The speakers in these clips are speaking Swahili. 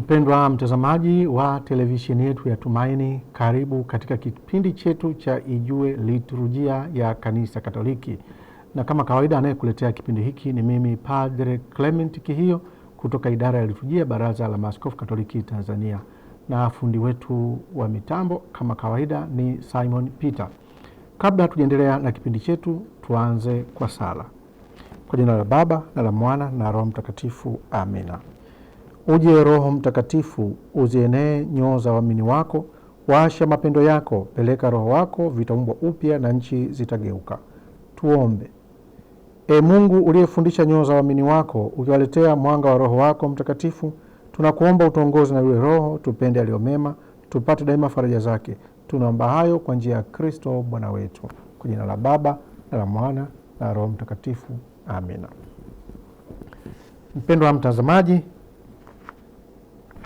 Mpendwa mtazamaji wa televisheni yetu ya Tumaini, karibu katika kipindi chetu cha Ijue Liturujia ya Kanisa Katoliki, na kama kawaida, anayekuletea kipindi hiki ni mimi Padre Clement Kihio kutoka idara ya liturujia, Baraza la Maaskofu Katoliki Tanzania, na fundi wetu wa mitambo kama kawaida ni Simon Peter. Kabla tujaendelea na kipindi chetu, tuanze kwa sala. Kwa jina la Baba na la Mwana na Roho Mtakatifu, amina. Uje Roho Mtakatifu, uzienee nyoo za waamini wako, waasha mapendo yako, peleka Roho wako, vitaumbwa upya na nchi zitageuka. Tuombe. E Mungu uliyefundisha nyoo za waamini wako, ukiwaletea mwanga wa Roho wako Mtakatifu, tunakuomba utuongozi na yule Roho, tupende aliyo mema, tupate daima faraja zake. Tunaomba hayo kwa njia ya Kristo Bwana wetu. Kwa jina la Baba na la Mwana na Roho Mtakatifu, amina. Mpendwa mtazamaji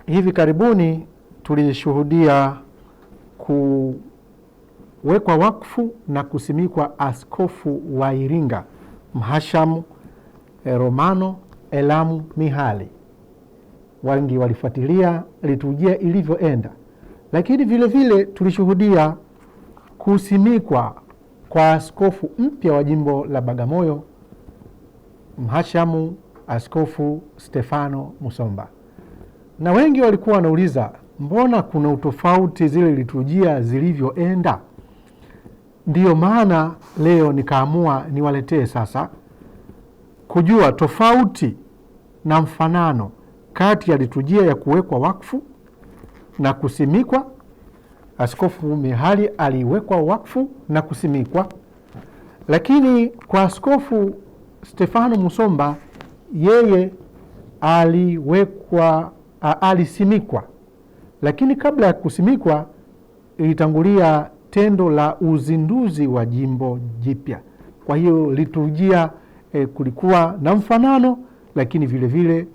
hivi karibuni tulishuhudia kuwekwa wakfu na kusimikwa askofu wa Iringa Mhashamu eh, Romano Elamu Mihali. Wengi walifuatilia liturujia ilivyoenda, lakini vilevile tulishuhudia kusimikwa kwa askofu mpya wa jimbo la Bagamoyo Mhashamu Askofu Stefano Musomba na wengi walikuwa wanauliza mbona kuna utofauti zile liturujia zilivyoenda. Ndiyo maana leo nikaamua niwaletee sasa kujua tofauti na mfanano kati ya liturujia ya kuwekwa wakfu na kusimikwa. Askofu Mihali aliwekwa wakfu na kusimikwa, lakini kwa Askofu Stefano Musomba yeye aliwekwa alisimikwa, lakini kabla ya kusimikwa ilitangulia tendo la uzinduzi wa jimbo jipya. Kwa hiyo liturujia e, kulikuwa na mfanano, lakini vilevile vile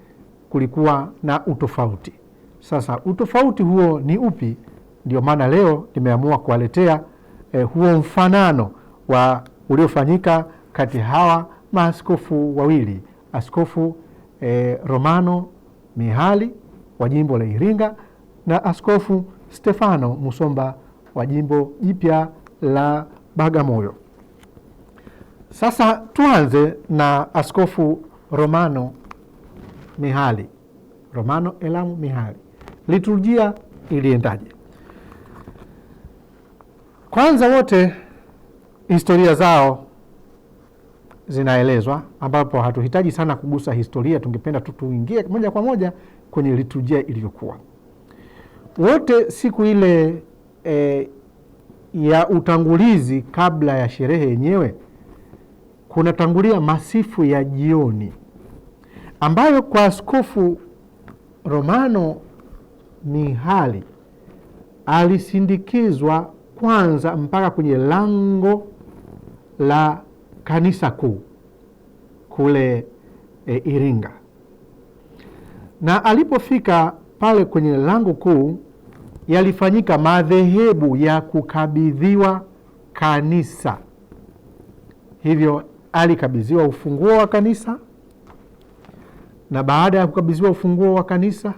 kulikuwa na utofauti. Sasa utofauti huo ni upi? Ndio maana leo nimeamua kuwaletea e, huo mfanano wa uliofanyika kati hawa maaskofu wawili, askofu e, Romano Mihali wa jimbo la Iringa na Askofu Stefano Musomba wa jimbo jipya la Bagamoyo. Sasa tuanze na Askofu Romano Mihali, Romano Elamu Mihali. Liturujia iliendaje? Kwanza wote historia zao zinaelezwa, ambapo hatuhitaji sana kugusa historia. Tungependa tu tuingie moja kwa moja kwenye liturujia ilivyokuwa wote siku ile e, ya utangulizi kabla ya sherehe yenyewe, kunatangulia masifu ya jioni ambayo kwa Askofu Romano Mihali alisindikizwa kwanza mpaka kwenye lango la kanisa kuu kule e, Iringa na alipofika pale kwenye lango kuu, yalifanyika madhehebu ya kukabidhiwa kanisa. Hivyo alikabidhiwa ufunguo wa kanisa, na baada ya kukabidhiwa ufunguo wa kanisa,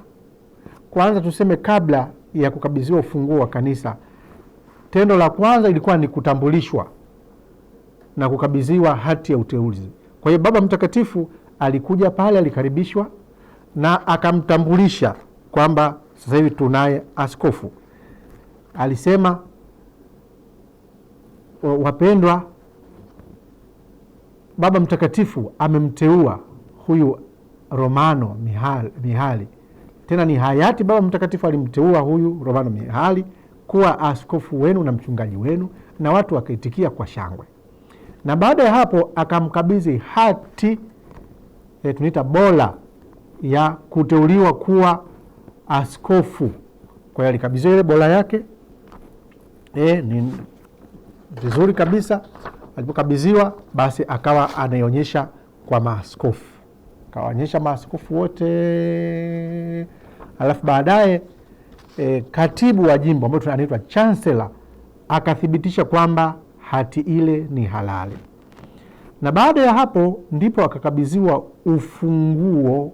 kwanza tuseme, kabla ya kukabidhiwa ufunguo wa kanisa, tendo la kwanza ilikuwa ni kutambulishwa na kukabidhiwa hati ya uteuzi. Kwa hiyo Baba Mtakatifu alikuja pale, alikaribishwa na akamtambulisha kwamba sasa hivi tunaye askofu. Alisema wapendwa, Baba Mtakatifu amemteua huyu Romano Mihali, Mihali tena ni hayati Baba Mtakatifu alimteua huyu Romano Mihali kuwa askofu wenu na mchungaji wenu, na watu wakaitikia kwa shangwe. Na baada ya hapo akamkabidhi hati e, tunaita bola ya kuteuliwa kuwa askofu. Kwa hiyo alikabidhiwa ile bola yake e, ni vizuri kabisa. Alipokabidhiwa basi akawa anaionyesha kwa maaskofu, akawaonyesha maaskofu wote, alafu baadaye e, katibu wa jimbo ambayo anaitwa chancellor akathibitisha kwamba hati ile ni halali, na baada ya hapo ndipo akakabidhiwa ufunguo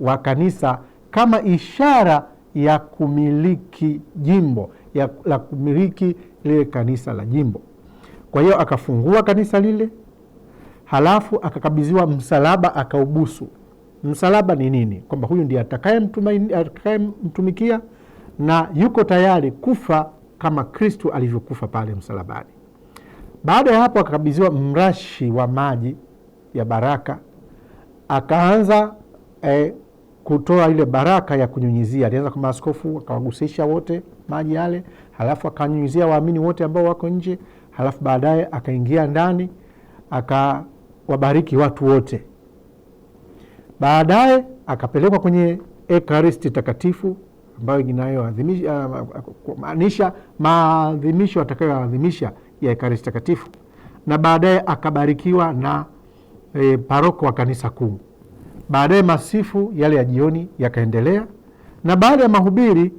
wa kanisa kama ishara ya kumiliki jimbo ya, la kumiliki lile kanisa la jimbo. Kwa hiyo akafungua kanisa lile, halafu akakabidhiwa msalaba akaubusu. Msalaba ni nini? Kwamba huyu ndiye atakayemtumikia na yuko tayari kufa kama Kristu alivyokufa pale msalabani. Baada ya hapo, akakabidhiwa mrashi wa maji ya baraka, akaanza eh, kutoa ile baraka ya kunyunyizia. Alianza kwa maaskofu, akawagusisha wote maji yale, halafu akanyunyizia waamini wote ambao wako nje, halafu baadaye akaingia ndani akawabariki watu wote. Baadaye akapelekwa kwenye Ekaristi Takatifu ambayo inayomaanisha ah, maadhimisho atakayoadhimisha ya Ekaristi Takatifu, na baadaye akabarikiwa na e, paroko wa kanisa kuu. Baadaye masifu yale ya jioni yakaendelea, na baada ya mahubiri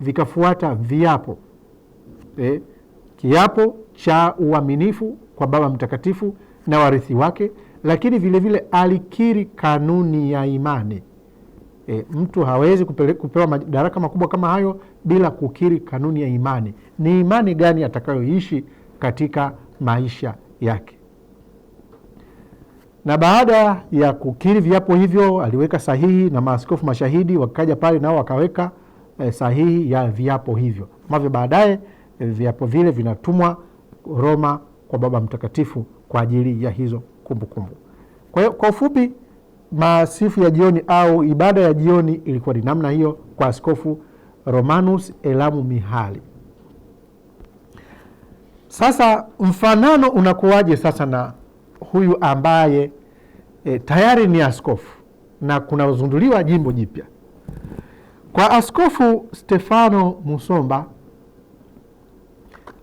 vikafuata viapo eh, kiapo cha uaminifu kwa Baba Mtakatifu na warithi wake, lakini vilevile vile alikiri kanuni ya imani. E, mtu hawezi kupele, kupewa madaraka makubwa kama hayo bila kukiri kanuni ya imani. Ni imani gani atakayoishi katika maisha yake? na baada ya kukiri viapo hivyo aliweka sahihi na maaskofu mashahidi wakaja pale nao wakaweka eh, sahihi ya viapo hivyo ambavyo baadaye eh, viapo vile vinatumwa Roma kwa Baba Mtakatifu kwa ajili ya hizo kumbukumbu. Kwa hiyo kwa ufupi, maasifu ya jioni au ibada ya jioni ilikuwa ni namna hiyo kwa Askofu Romanus Elamu Mihali. Sasa mfanano unakuwaje sasa na huyu ambaye e, tayari ni askofu na kunazunduliwa jimbo jipya kwa Askofu Stefano Musomba.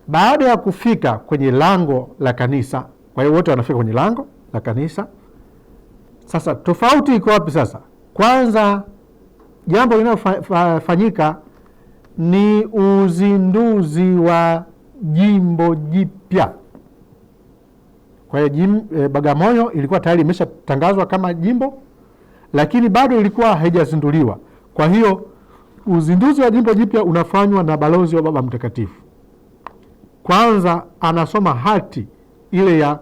Baada ya kufika kwenye lango la kanisa, kwa hiyo wote wanafika kwenye lango la kanisa. Sasa tofauti iko wapi? Sasa kwanza, jambo linalofanyika ni uzinduzi wa jimbo jipya. Kwa hiyo e, Bagamoyo ilikuwa tayari imeshatangazwa kama jimbo, lakini bado ilikuwa haijazinduliwa. Kwa hiyo uzinduzi wa jimbo jipya unafanywa na balozi wa Baba Mtakatifu. Kwanza anasoma hati ile ya,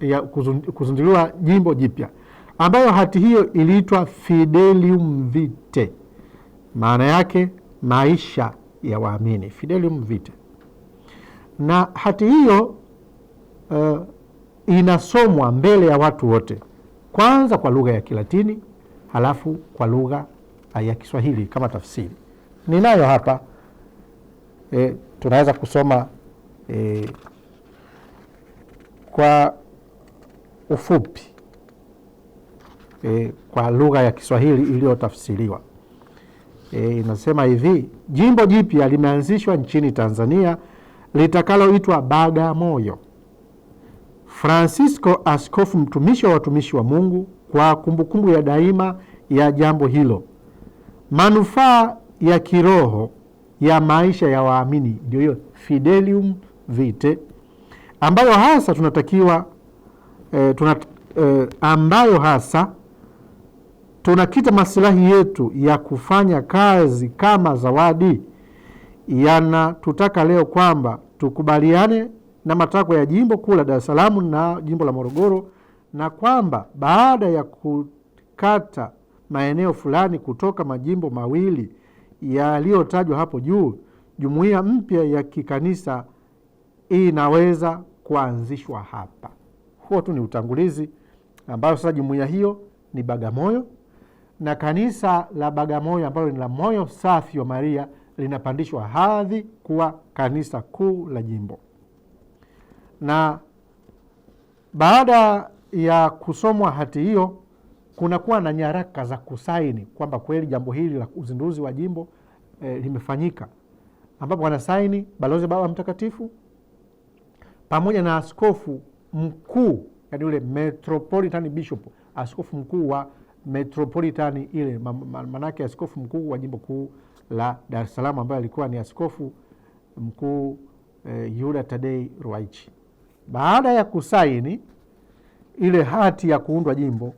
ya kuzinduliwa jimbo jipya, ambayo hati hiyo iliitwa Fidelium Vitae, maana yake maisha ya waamini, Fidelium Vitae. Na hati hiyo uh, inasomwa mbele ya watu wote, kwanza kwa lugha ya Kilatini, halafu kwa lugha ah, ya Kiswahili kama tafsiri. Ninayo hapa e, tunaweza kusoma e, kwa ufupi e, kwa lugha ya Kiswahili iliyotafsiriwa. E, inasema hivi: jimbo jipya limeanzishwa nchini Tanzania litakaloitwa Bagamoyo Francisco, askofu mtumishi wa watumishi wa Mungu, kwa kumbukumbu ya daima ya jambo hilo. Manufaa ya kiroho ya maisha ya waamini ndio hiyo Fidelium Vitae ambayo hasa tunatakiwa e, tuna, e, ambayo hasa tunakita masilahi yetu ya kufanya kazi kama zawadi yanatutaka leo kwamba tukubaliane na matakwa ya jimbo kuu la Dar es Salaam na jimbo la Morogoro, na kwamba baada ya kukata maeneo fulani kutoka majimbo mawili yaliyotajwa hapo juu, jumuiya mpya ya kikanisa inaweza kuanzishwa hapa. Huo tu ni utangulizi, ambayo sasa jumuiya hiyo ni Bagamoyo na kanisa la Bagamoyo ambalo ni la Moyo Safi wa Maria linapandishwa hadhi kuwa kanisa kuu la jimbo na baada ya kusomwa hati hiyo kunakuwa na nyaraka za kusaini kwamba kweli jambo hili la uzinduzi wa jimbo e, limefanyika, ambapo wanasaini balozi Baba Mtakatifu pamoja na askofu mkuu, yani yule metropolitan bishop, askofu mkuu wa metropolitani ile, maanake askofu mkuu wa jimbo kuu la Dar es Salaam ambaye alikuwa ni askofu mkuu e, Yuda Tadei Ruwaichi. Baada ya kusaini ile hati ya kuundwa jimbo,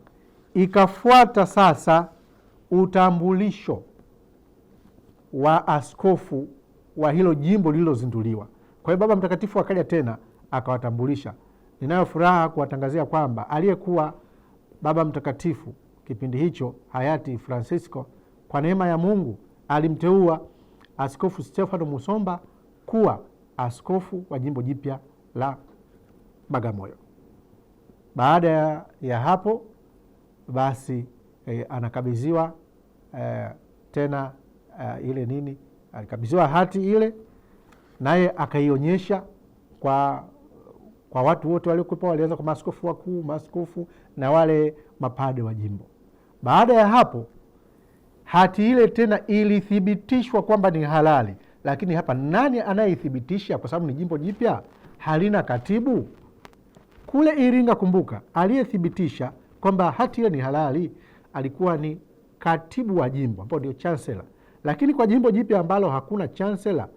ikafuata sasa utambulisho wa askofu wa hilo jimbo lililozinduliwa. Kwa hiyo Baba Mtakatifu akaja tena akawatambulisha. Ninayo furaha kuwatangazia kwamba aliyekuwa Baba Mtakatifu kipindi hicho hayati Francisco, kwa neema ya Mungu alimteua Askofu Stefano Musomba kuwa askofu wa jimbo jipya la Bagamoyo. Baada ya hapo basi eh, anakabidhiwa eh, tena eh, ile nini, alikabidhiwa hati ile, naye akaionyesha kwa kwa watu wote waliokuwepo, walianza kwa maaskofu wakuu, maaskofu na wale mapade wa jimbo. Baada ya hapo hati ile tena ilithibitishwa kwamba ni halali, lakini hapa nani anayethibitisha? Kwa sababu ni jimbo jipya, halina katibu kule Iringa. Kumbuka, aliyethibitisha kwamba hati hiyo ni halali alikuwa ni katibu wa jimbo ambao ndio chancellor, lakini kwa jimbo jipya ambalo hakuna chancellor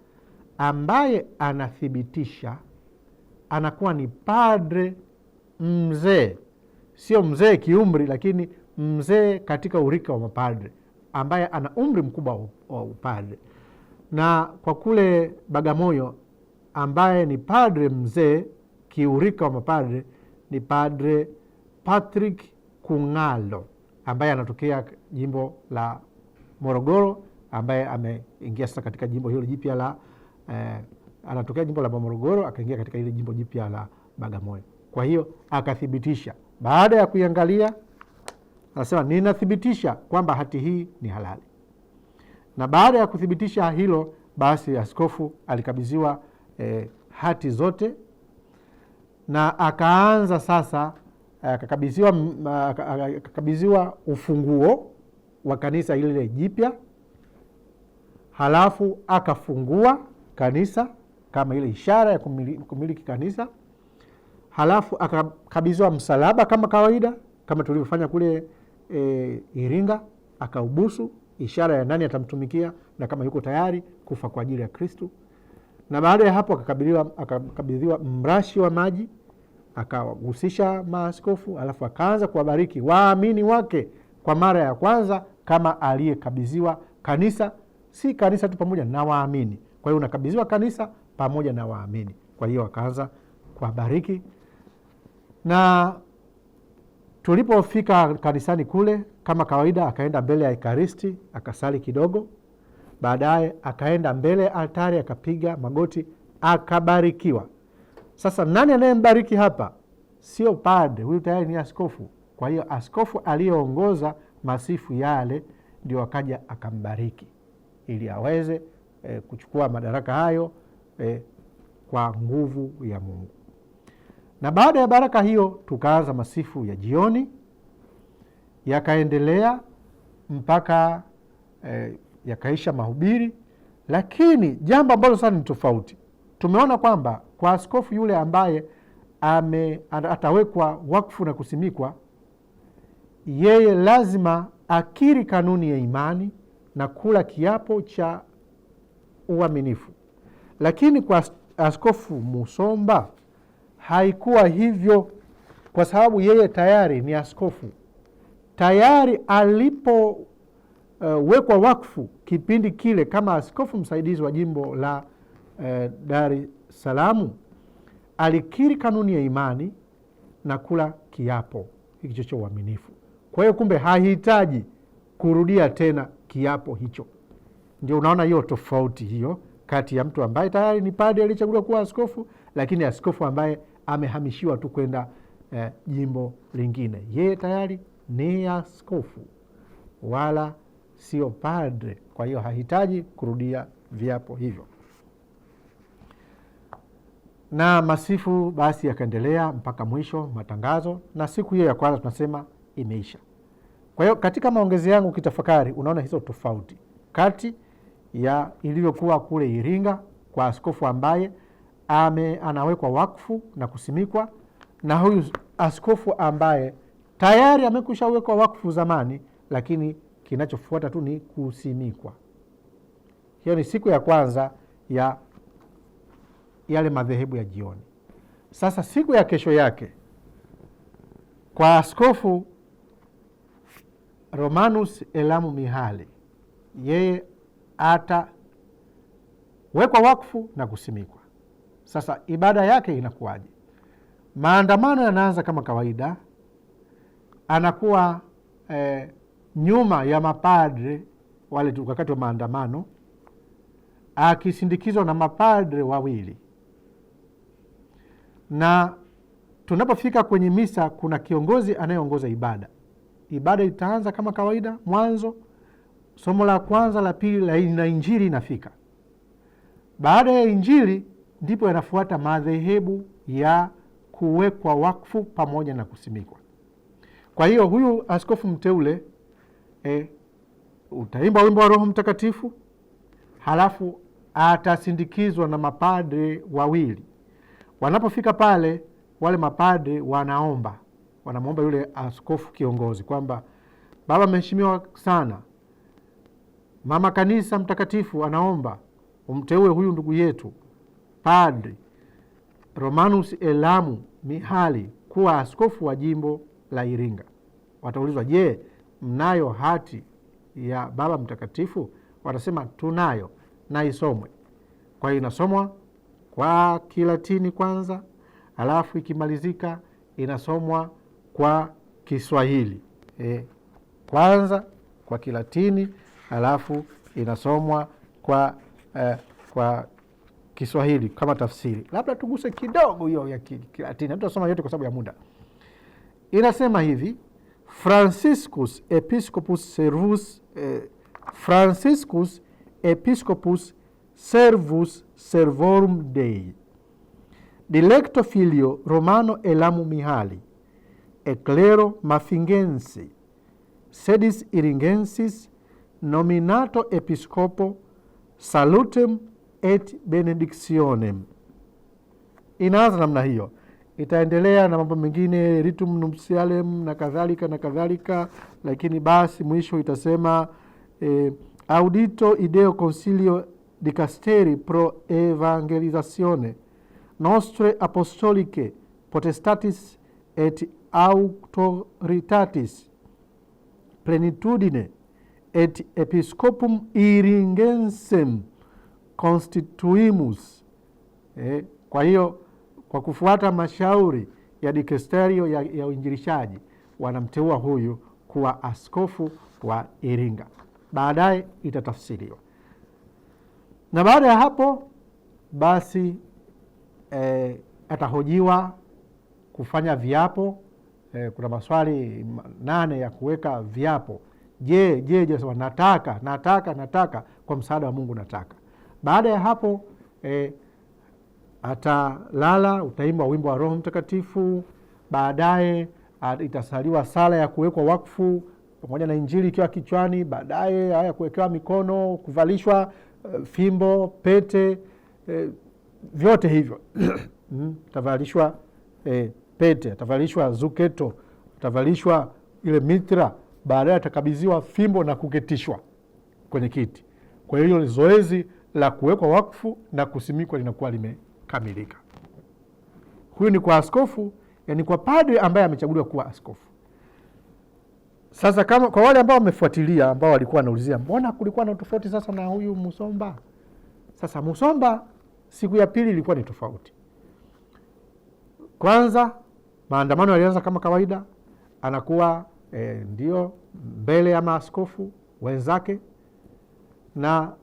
ambaye anathibitisha anakuwa ni padre mzee, sio mzee kiumri, lakini mzee katika urika wa mapadre ambaye ana umri mkubwa wa upadre. Na kwa kule Bagamoyo ambaye ni padre mzee kiurika wa mapadre ni Padre Patrick Kung'alo ambaye anatokea jimbo la Morogoro, ambaye ameingia sasa katika jimbo hilo jipya la eh, anatokea jimbo la Morogoro akaingia katika ile jimbo jipya la Bagamoyo. Kwa hiyo akathibitisha, baada ya kuiangalia anasema ninathibitisha kwamba hati hii ni halali. Na baada ya kuthibitisha hilo, basi askofu alikabidhiwa eh, hati zote na akaanza sasa, eh, akakabidhiwa mm, akakabidhiwa ufunguo wa kanisa lile jipya, halafu akafungua kanisa kama ile ishara ya kumiliki kanisa, halafu akakabidhiwa msalaba kama kawaida, kama tulivyofanya kule e, Iringa, akaubusu ishara ya nani atamtumikia na kama yuko tayari kufa kwa ajili ya Kristu. Na baada ya hapo akakabidhiwa mrashi wa maji akawagusisha maaskofu, alafu akaanza kuwabariki waamini wake kwa mara ya kwanza kama aliyekabidhiwa kanisa, si kanisa tu pamoja na waamini. Kwa hiyo unakabidhiwa kanisa pamoja na waamini. Kwa hiyo akaanza kuwabariki, na tulipofika kanisani kule, kama kawaida, akaenda mbele ya Ekaristi akasali kidogo, baadaye akaenda mbele ya altari akapiga magoti akabarikiwa. Sasa nani anayembariki hapa? Sio padre huyu tayari ni askofu. Kwa hiyo askofu aliyeongoza masifu yale ndio akaja akambariki ili aweze e, kuchukua madaraka hayo e, kwa nguvu ya Mungu. Na baada ya baraka hiyo tukaanza masifu ya jioni, yakaendelea mpaka e, yakaisha mahubiri, lakini jambo ambalo sasa ni tofauti tumeona kwamba kwa askofu yule ambaye ame, atawekwa wakfu na kusimikwa, yeye lazima akiri kanuni ya imani na kula kiapo cha uaminifu, lakini kwa askofu Musomba haikuwa hivyo, kwa sababu yeye tayari ni askofu tayari alipo Uh, wekwa wakfu kipindi kile kama askofu msaidizi wa jimbo la eh, Dar es Salaam alikiri kanuni ya imani na kula kiapo hiki cha uaminifu. Kwa hiyo kumbe hahitaji kurudia tena kiapo hicho. Ndio unaona hiyo tofauti hiyo kati ya mtu ambaye tayari ni padri aliyechaguliwa kuwa askofu, lakini askofu ambaye amehamishiwa tu kwenda eh, jimbo lingine, yeye tayari ni askofu wala sio padre. Kwa hiyo hahitaji kurudia viapo hivyo na masifu basi yakaendelea mpaka mwisho matangazo, na siku hiyo ya kwanza tunasema imeisha. Kwa hiyo katika maongezi yangu kitafakari unaona hizo tofauti kati ya ilivyokuwa kule Iringa kwa askofu ambaye ame anawekwa wakfu na kusimikwa na huyu askofu ambaye tayari amekusha wekwa wakfu zamani, lakini kinachofuata tu ni kusimikwa. Hiyo ni siku ya kwanza ya yale madhehebu ya jioni. Sasa siku ya kesho yake kwa Askofu Romanus Elamu Mihali, yeye atawekwa wakfu na kusimikwa. Sasa ibada yake inakuwaje? Maandamano yanaanza kama kawaida, anakuwa eh, nyuma ya mapadre wale wakati wa maandamano, akisindikizwa na mapadre wawili na tunapofika kwenye misa kuna kiongozi anayeongoza ibada. Ibada itaanza kama kawaida, mwanzo somo la kwanza, la pili na Injili inafika. Baada ya Injili ndipo yanafuata madhehebu ya kuwekwa wakfu pamoja na kusimikwa. Kwa hiyo huyu askofu mteule e, utaimba wimbo wa Roho Mtakatifu halafu atasindikizwa na mapadre wawili Wanapofika pale, wale mapadri wanaomba, wanamwomba yule askofu kiongozi kwamba baba mheshimiwa sana, mama kanisa mtakatifu anaomba umteue huyu ndugu yetu padri Romanus Elamu Mihali kuwa askofu wa jimbo la Iringa. Wataulizwa, je, mnayo hati ya baba mtakatifu? Watasema tunayo na isomwe. Kwa hiyo inasomwa kwa Kilatini kwanza, alafu ikimalizika inasomwa kwa Kiswahili e, kwanza kwa Kilatini alafu inasomwa kwa eh, kwa Kiswahili kama tafsiri. Labda tuguse kidogo hiyo ya Kilatini, tutasoma yote kwa sababu ya muda. Inasema hivi: Franciscus Episcopus Servus eh, Franciscus Episcopus Servus servorum Dei. Dilecto filio Romano elamu mihali, clero Mafingensi, sedis Iringensis, nominato episcopo, salutem et benedictionem. Inaanza namna hiyo, itaendelea na mambo mengine ritum nuptialem na kadhalika na kadhalika, lakini basi mwisho itasema eh, audito ideo concilio dicasteri pro evangelizatione nostre apostoliche potestatis et autoritatis plenitudine et episcopum iringensem constituimus. Eh, kwa hiyo kwa kufuata mashauri ya dikasterio ya, ya uinjilishaji wanamteua huyu kuwa askofu wa Iringa. Baadaye itatafsiriwa na baada ya hapo basi e, atahojiwa kufanya viapo e, kuna maswali nane ya kuweka viapo. Je, je, je, sema nataka, nataka, nataka kwa msaada wa Mungu nataka. Baada ya hapo e, atalala, utaimba wimbo wa Roho Mtakatifu. Baadaye itasaliwa sala ya kuwekwa wakfu pamoja na injili ikiwa kichwani, baadaye haya kuwekewa mikono, kuvalishwa Eh, fimbo, pete eh, vyote hivyo hmm, atavalishwa eh, pete, atavalishwa zuketo, atavalishwa ile mitra, baadaye atakabidhiwa fimbo na kuketishwa kwenye kiti. Kwa hiyo ni zoezi la kuwekwa wakfu na kusimikwa linakuwa limekamilika. Huyu ni kwa askofu, yani kwa padre ambaye amechaguliwa kuwa askofu. Sasa kama kwa wale ambao wamefuatilia, ambao walikuwa wanaulizia mbona kulikuwa na utofauti sasa na huyu Musomba. Sasa Musomba siku ya pili ilikuwa ni tofauti. Kwanza maandamano yalianza kama kawaida, anakuwa e, ndio mbele ya maaskofu wenzake, na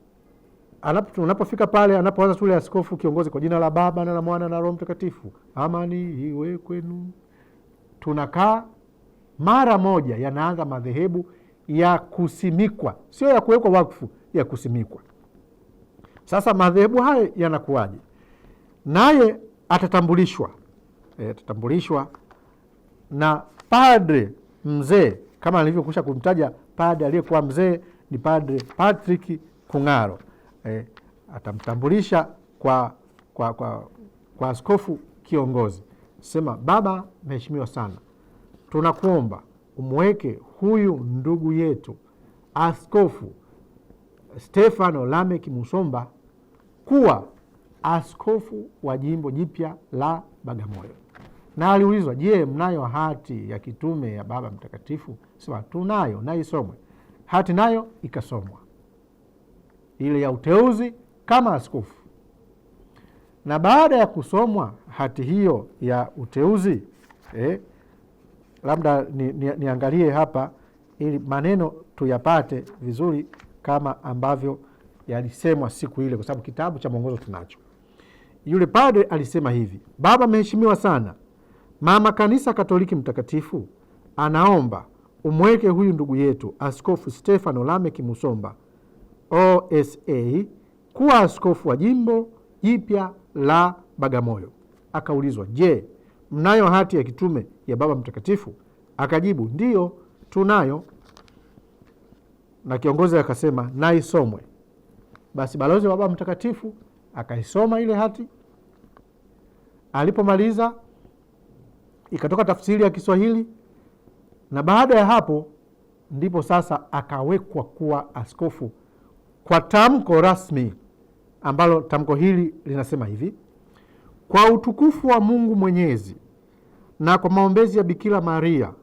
unapofika pale, anapoanza tule askofu kiongozi, kwa jina la Baba na la Mwana na Roho Mtakatifu, amani iwe kwenu, tunakaa mara moja yanaanza madhehebu ya kusimikwa, sio ya kuwekwa wakfu, ya kusimikwa. Sasa madhehebu hayo yanakuwaje? Naye atatambulishwa e, atatambulishwa na padre mzee kama alivyokusha kumtaja padre aliyekuwa mzee ni padre Patrick Kung'aro. E, atamtambulisha kwa, kwa, kwa, kwa askofu kiongozi, sema baba, mheshimiwa sana tunakuomba umweke huyu ndugu yetu Askofu Stefano Lameki Musomba kuwa askofu wa jimbo jipya la Bagamoyo. Na aliulizwa, je, mnayo hati ya kitume ya Baba Mtakatifu? Sema tunayo, na isomwe. Hati nayo ikasomwa, ile ya uteuzi kama askofu. Na baada ya kusomwa hati hiyo ya uteuzi eh, labda ni, ni, niangalie hapa ili maneno tuyapate vizuri kama ambavyo yalisemwa siku ile, kwa sababu kitabu cha mwongozo tunacho. Yule padre alisema hivi: Baba mheshimiwa sana, mama kanisa Katoliki mtakatifu anaomba umweke huyu ndugu yetu Askofu Stefano Lameki Musomba OSA kuwa askofu wa jimbo jipya la Bagamoyo. Akaulizwa, je, mnayo hati ya kitume ya Baba Mtakatifu? Akajibu, ndiyo tunayo. Na kiongozi akasema, naisomwe. Basi balozi wa Baba Mtakatifu akaisoma ile hati. Alipomaliza ikatoka tafsiri ya Kiswahili, na baada ya hapo ndipo sasa akawekwa kuwa askofu kwa tamko rasmi, ambalo tamko hili linasema hivi kwa utukufu wa Mungu Mwenyezi na kwa maombezi ya Bikira Maria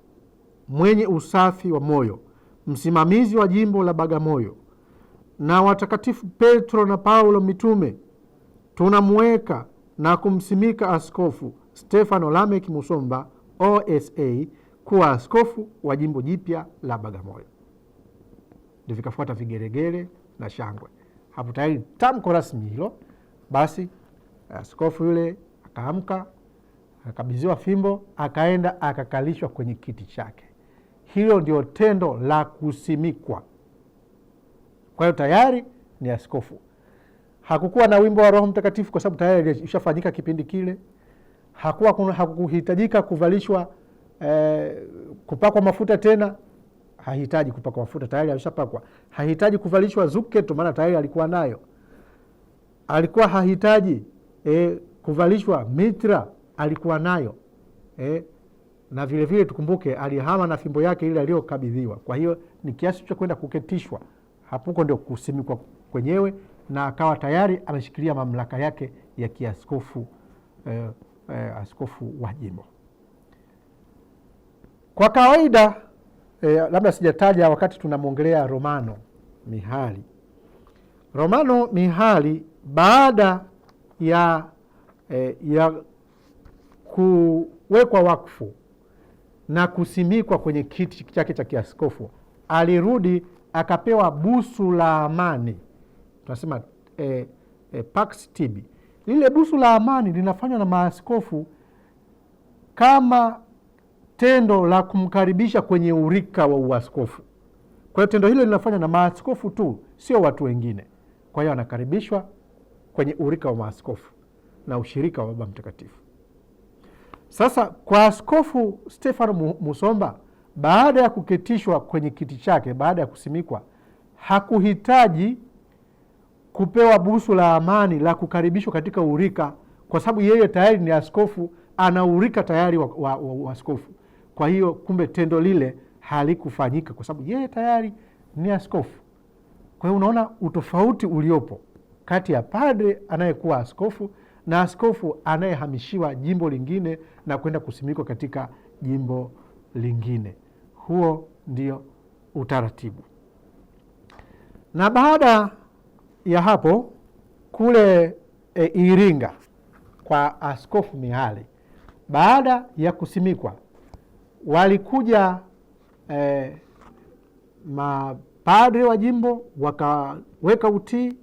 mwenye usafi wa moyo, msimamizi wa jimbo la Bagamoyo, na watakatifu Petro na Paulo mitume, tunamweka na kumsimika Askofu Stefano lamek Musomba OSA kuwa askofu wa jimbo jipya la Bagamoyo. Ndio vikafuata vigeregere na shangwe hapo. Tayari tamko rasmi hilo basi. Askofu yule akaamka, akabiziwa fimbo, akaenda akakalishwa kwenye kiti chake. Hilo ndio tendo la kusimikwa. Kwa hiyo tayari ni askofu. Hakukuwa na wimbo wa Roho Mtakatifu kwa sababu tayari ishafanyika kipindi kile. Hakuwa, hakuhitajika kuvalishwa eh, kupakwa mafuta tena. Hahitaji kupakwa mafuta, tayari alishapakwa. Hahitaji kuvalishwa zuketo maana tayari alikuwa nayo. Alikuwa hahitaji eh, kuvalishwa mitra alikuwa nayo eh, na vilevile vile tukumbuke alihama na fimbo yake ile aliyokabidhiwa. Kwa hiyo ni kiasi cha kwenda kuketishwa, hapuko ndio kusimikwa kwenyewe, na akawa tayari ameshikilia mamlaka yake ya kiaskofu eh, eh, askofu wa jimbo. Kwa kawaida eh, labda sijataja wakati tunamwongelea Romano Mihali, Romano Mihali baada ya, eh, ya kuwekwa wakfu na kusimikwa kwenye kiti chake cha kiaskofu, alirudi akapewa busu la amani, tunasema eh, eh, pax tibi. Lile busu la amani linafanywa na maaskofu kama tendo la kumkaribisha kwenye urika wa uaskofu. Kwa hiyo tendo hilo linafanywa na maaskofu tu, sio watu wengine. Kwa hiyo anakaribishwa kwenye urika wa maaskofu na ushirika wa Baba Mtakatifu. Sasa kwa Askofu Stefano Musomba, baada ya kuketishwa kwenye kiti chake, baada ya kusimikwa, hakuhitaji kupewa busu la amani la kukaribishwa katika urika, kwa sababu yeye tayari ni askofu, ana urika tayari wa, askofu. Kwa hiyo kumbe tendo lile halikufanyika kwa sababu yeye tayari ni askofu. Kwa hiyo unaona utofauti uliopo kati ya padre anayekuwa askofu na askofu anayehamishiwa jimbo lingine na kwenda kusimikwa katika jimbo lingine. Huo ndio utaratibu. Na baada ya hapo kule e, Iringa kwa askofu Mihali, baada ya kusimikwa walikuja e, mapadre wa jimbo wakaweka utii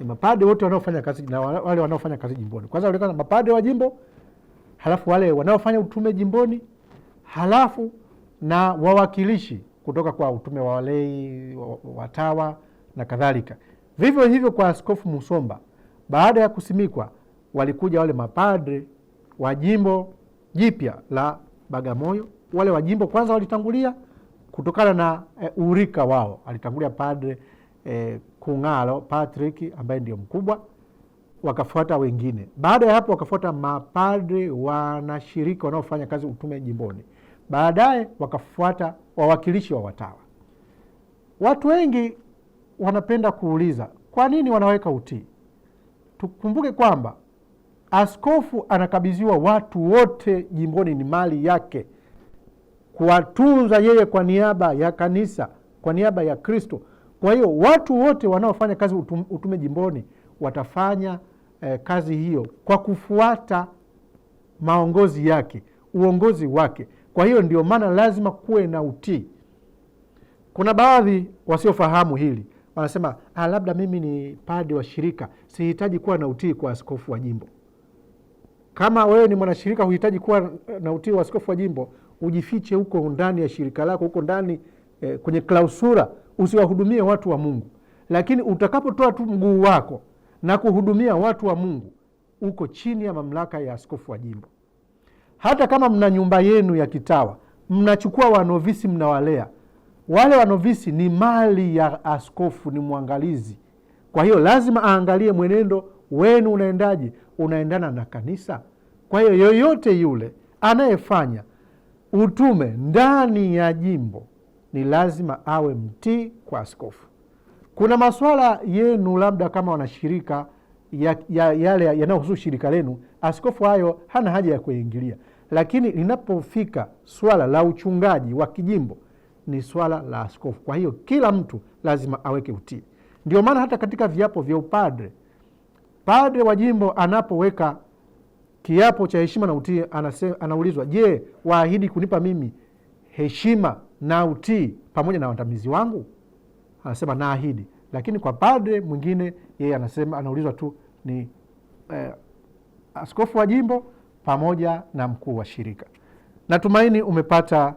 ni mapade wote wanaofanya kazi na wale wanaofanya kazi jimboni. Kwanza walikuwa mapade wa jimbo, halafu wale wanaofanya utume jimboni, halafu na wawakilishi kutoka kwa utume wa walei, watawa na kadhalika. Vivyo hivyo kwa Askofu Musomba, baada ya kusimikwa walikuja wale mapadre wa jimbo jipya la Bagamoyo. Wale wa jimbo kwanza walitangulia kutokana na e, eh, urika wao, alitangulia padre eh, Kungalo Patrick ambaye ndio mkubwa, wakafuata wengine. Baada ya hapo, wakafuata mapadri wanashirika wanaofanya kazi utume jimboni, baadaye wakafuata wawakilishi wa watawa. Watu wengi wanapenda kuuliza kwa nini wanaweka utii. Tukumbuke kwamba askofu anakabidhiwa watu wote jimboni, ni mali yake, kuwatunza yeye kwa niaba ya kanisa, kwa niaba ya Kristo kwa hiyo watu wote wanaofanya kazi utume, utume jimboni watafanya eh, kazi hiyo kwa kufuata maongozi yake, uongozi wake. Kwa hiyo ndio maana lazima kuwe na utii. Kuna baadhi wasiofahamu hili wanasema ah, labda mimi ni padi wa shirika, sihitaji kuwa na utii kwa askofu wa jimbo. Kama wewe ni mwanashirika huhitaji kuwa na utii wa askofu wa jimbo, ujifiche huko ndani ya shirika lako, huko ndani eh, kwenye klausura usiwahudumie watu wa Mungu, lakini utakapotoa tu mguu wako na kuhudumia watu wa Mungu, uko chini ya mamlaka ya askofu wa jimbo. Hata kama mna nyumba yenu ya kitawa, mnachukua wanovisi, mnawalea wale wanovisi, ni mali ya askofu, ni mwangalizi. Kwa hiyo lazima aangalie mwenendo wenu unaendaje, unaendana na kanisa. Kwa hiyo yoyote yule anayefanya utume ndani ya jimbo ni lazima awe mtii kwa askofu. Kuna maswala yenu labda kama wanashirika ya, ya, yale yanayohusu shirika lenu, askofu hayo hana haja ya kuingilia, lakini linapofika swala la uchungaji wa kijimbo ni swala la askofu. Kwa hiyo kila mtu lazima aweke utii. Ndio maana hata katika viapo vya upadre, padre wa jimbo anapoweka kiapo cha heshima na utii, anaulizwa, je, waahidi kunipa mimi heshima na utii pamoja na waandamizi wangu? Anasema naahidi. Lakini kwa padre mwingine yeye anasema, anaulizwa tu ni eh, askofu wa jimbo pamoja na mkuu wa shirika. Natumaini umepata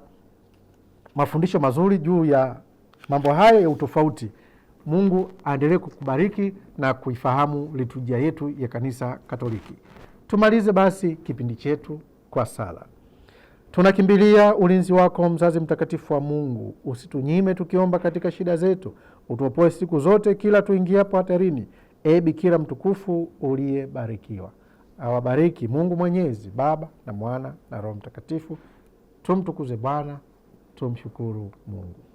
mafundisho mazuri juu ya mambo hayo ya utofauti. Mungu aendelee kukubariki na kuifahamu liturujia yetu ya Kanisa Katoliki. Tumalize basi kipindi chetu kwa sala. Tunakimbilia ulinzi wako, mzazi mtakatifu wa Mungu. Usitunyime tukiomba katika shida zetu, utuopoe siku zote kila tuingiapo hatarini. ebi Bikira mtukufu uliyebarikiwa. Awabariki Mungu Mwenyezi, Baba na Mwana na Roho Mtakatifu. Tumtukuze Bwana, tumshukuru Mungu.